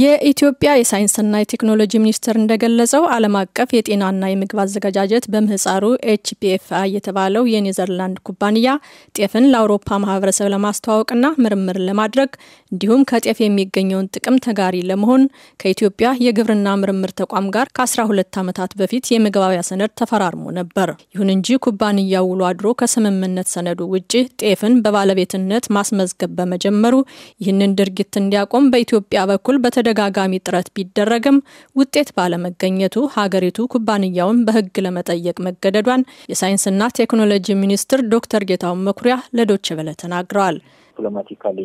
የኢትዮጵያ የሳይንስና የቴክኖሎጂ ሚኒስቴር እንደገለጸው ዓለም አቀፍ የጤናና የምግብ አዘገጃጀት በምህፃሩ ኤችፒኤፍአይ የተባለው የኔዘርላንድ ኩባንያ ጤፍን ለአውሮፓ ማህበረሰብ ለማስተዋወቅና ምርምር ለማድረግ እንዲሁም ከጤፍ የሚገኘውን ጥቅም ተጋሪ ለመሆን ከኢትዮጵያ የግብርና ምርምር ተቋም ጋር ከ12 ዓመታት በፊት የመግባቢያ ሰነድ ተፈራርሞ ነበር። ይሁን እንጂ ኩባንያው ውሎ አድሮ ከስምምነት ሰነዱ ውጪ ጤፍን በባለቤትነት ማስመዝገብ በመጀመሩ ይህንን ድርጊት እንዲያቆም በኢትዮጵያ በኩል ተደጋጋሚ ጥረት ቢደረግም ውጤት ባለመገኘቱ ሀገሪቱ ኩባንያውን በሕግ ለመጠየቅ መገደዷን የሳይንስና ቴክኖሎጂ ሚኒስትር ዶክተር ጌታሁን መኩሪያ ለዶችቨለ ተናግረዋል። ዲፕሎማቲካሊ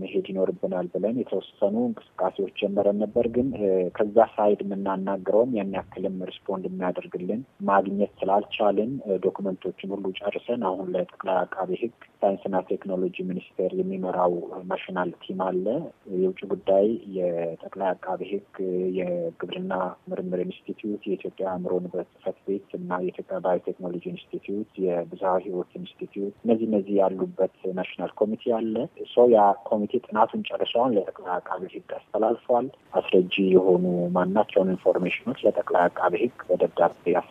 መሄድ ይኖርብናል ብለን የተወሰኑ እንቅስቃሴዎች ጀመረን ነበር። ግን ከዛ ሳይድ የምናናግረውም ያን ያክልም ሪስፖንድ የሚያደርግልን ማግኘት ስላልቻልን ዶክመንቶችን ሁሉ ጨርሰን አሁን ለጠቅላይ አቃቤ ሕግ ሳይንስና ቴክኖሎጂ ሚኒስቴር የሚመራው ናሽናል ቲም አለ። የውጭ ጉዳይ፣ የጠቅላይ አቃቤ ሕግ፣ የግብርና ምርምር ኢንስቲትዩት፣ የኢትዮጵያ አእምሮ ንብረት ጽሕፈት ቤት እና የኢትዮጵያ ባዮቴክኖሎጂ ኢንስቲትዩት፣ የብዝሃ ሕይወት ኢንስቲትዩት እነዚህ እነዚህ ያሉበት ናሽናል ኮሚቴ አለ። ሰው ያ ኮሚቴ ጥናቱን ጨርሶ ለጠቅላይ አቃቢ ህግ አስተላልፏል። አስረጂ የሆኑ ማናቸውን ኢንፎርሜሽኖች ለጠቅላይ አቃቢ ህግ በደብዳቤ ያስ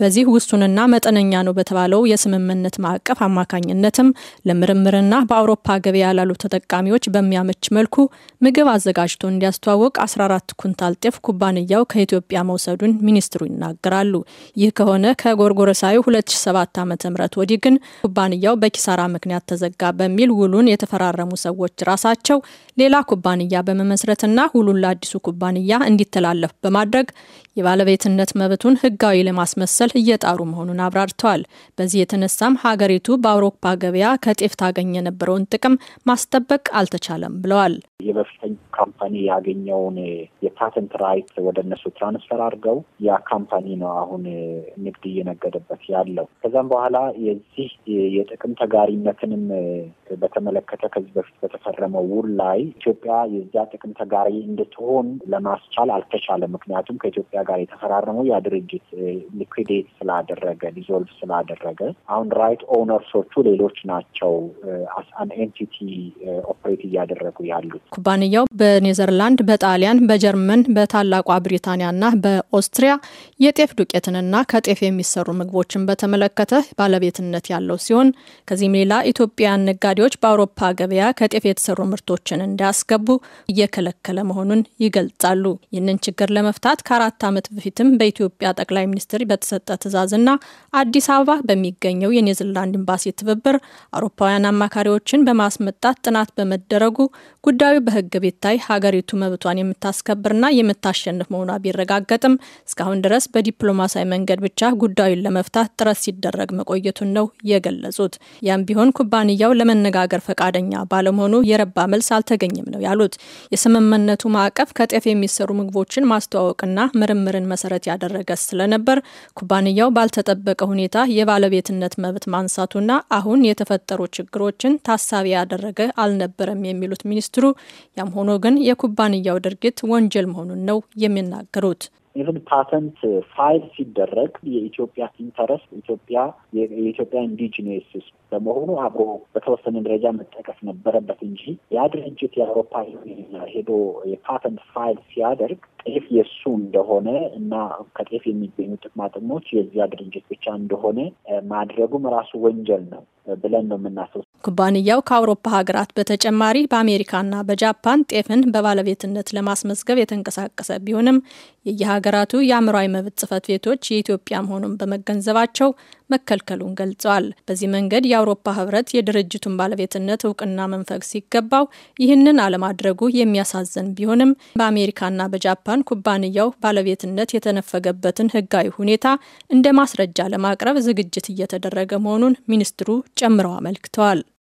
በዚህ ውሱንና መጠነኛ ነው በተባለው የስምምነት ማዕቀፍ አማካኝነትም ለምርምርና በአውሮፓ ገበያ ላሉ ተጠቃሚዎች በሚያመች መልኩ ምግብ አዘጋጅቶ እንዲያስተዋወቅ 14 ኩንታል ጤፍ ኩባንያው ከኢትዮጵያ መውሰዱን ሚኒስትሩ ይናገራሉ። ይህ ከሆነ ከጎርጎረሳዊ 2007 ዓ ም ወዲህ ግን ኩባንያው በኪሳራ ምክንያት ተዘጋ በሚል ውሉን የተፈራረሙ ሰዎች ራሳቸው ሌላ ኩባንያ በመመስረትና ውሉን ለአዲሱ ኩባንያ እንዲተላለፍ በማድረግ የባለቤትነት መብቱን ህጋዊ ኢትዮጵያዊ ለማስመሰል እየጣሩ መሆኑን አብራርተዋል። በዚህ የተነሳም ሀገሪቱ በአውሮፓ ገበያ ከጤፍ ታገኝ የነበረውን ጥቅም ማስጠበቅ አልተቻለም ብለዋል። ካምፓኒ ያገኘውን የፓተንት ራይት ወደ እነሱ ትራንስፈር አድርገው ያ ካምፓኒ ነው አሁን ንግድ እየነገደበት ያለው። ከዛም በኋላ የዚህ የጥቅም ተጋሪነትንም በተመለከተ ከዚህ በፊት በተፈረመው ውል ላይ ኢትዮጵያ የዚያ ጥቅም ተጋሪ እንድትሆን ለማስቻል አልተቻለም። ምክንያቱም ከኢትዮጵያ ጋር የተፈራረመው ያ ድርጅት ሊኩዴት ስላደረገ ዲዞልቭ ስላደረገ አሁን ራይት ኦነርሶቹ ሌሎች ናቸው። አን ኤንቲቲ ኦፕሬት እያደረጉ ያሉት ኩባንያው በኔዘርላንድ፣ በጣሊያን፣ በጀርመን፣ በታላቋ ብሪታንያና በኦስትሪያ የጤፍ ዱቄትንና ከጤፍ የሚሰሩ ምግቦችን በተመለከተ ባለቤትነት ያለው ሲሆን ከዚህም ሌላ ኢትዮጵያውያን ነጋዴዎች በአውሮፓ ገበያ ከጤፍ የተሰሩ ምርቶችን እንዳያስገቡ እየከለከለ መሆኑን ይገልጻሉ። ይህንን ችግር ለመፍታት ከአራት ዓመት በፊትም በኢትዮጵያ ጠቅላይ ሚኒስትር በተሰጠ ትዕዛዝና አዲስ አበባ በሚገኘው የኔዘርላንድ ኤምባሲ ትብብር አውሮፓውያን አማካሪዎችን በማስመጣት ጥናት በመደረጉ ጉዳዩ በሕግ ቤት ። ላይ ሀገሪቱ መብቷን የምታስከብርና የምታሸንፍ መሆኗ ቢረጋገጥም እስካሁን ድረስ በዲፕሎማሲያዊ መንገድ ብቻ ጉዳዩን ለመፍታት ጥረት ሲደረግ መቆየቱን ነው የገለጹት። ያም ቢሆን ኩባንያው ለመነጋገር ፈቃደኛ ባለመሆኑ የረባ መልስ አልተገኘም ነው ያሉት። የስምምነቱ ማዕቀፍ ከጤፍ የሚሰሩ ምግቦችን ማስተዋወቅና ምርምርን መሰረት ያደረገ ስለነበር ኩባንያው ባልተጠበቀ ሁኔታ የባለቤትነት መብት ማንሳቱና አሁን የተፈጠሩ ችግሮችን ታሳቢ ያደረገ አልነበረም የሚሉት ሚኒስትሩ ያም ሆኖ ግን የኩባንያው ድርጊት ወንጀል መሆኑን ነው የሚናገሩት። ኢቨን ፓተንት ፋይል ሲደረግ የኢትዮጵያ ኢንተረስት ኢትዮጵያ የኢትዮጵያ ኢንዲጂነስ በመሆኑ አብሮ በተወሰነ ደረጃ መጠቀስ ነበረበት እንጂ ያ ድርጅት የአውሮፓ ሄዶ የፓተንት ፋይል ሲያደርግ ጤፍ የእሱ እንደሆነ እና ከጤፍ የሚገኙ ጥቅማ ጥቅሞች የዚያ ድርጅት ብቻ እንደሆነ ማድረጉም ራሱ ወንጀል ነው ብለን ነው የምናስበው። ኩባንያው ከአውሮፓ ሀገራት በተጨማሪ በአሜሪካና በጃፓን ጤፍን በባለቤትነት ለማስመዝገብ የተንቀሳቀሰ ቢሆንም የየሀገራቱ የአእምሯዊ መብት ጽፈት ቤቶች የኢትዮጵያ መሆኑን በመገንዘባቸው መከልከሉን ገልጸዋል። በዚህ መንገድ የአውሮፓ ህብረት የድርጅቱን ባለቤትነት እውቅና መንፈግ ሲገባው ይህንን አለማድረጉ የሚያሳዝን ቢሆንም በአሜሪካና በጃፓን ኩባንያው ባለቤትነት የተነፈገበትን ህጋዊ ሁኔታ እንደ ማስረጃ ለማቅረብ ዝግጅት እየተደረገ መሆኑን ሚኒስትሩ ጨምረው አመልክተዋል።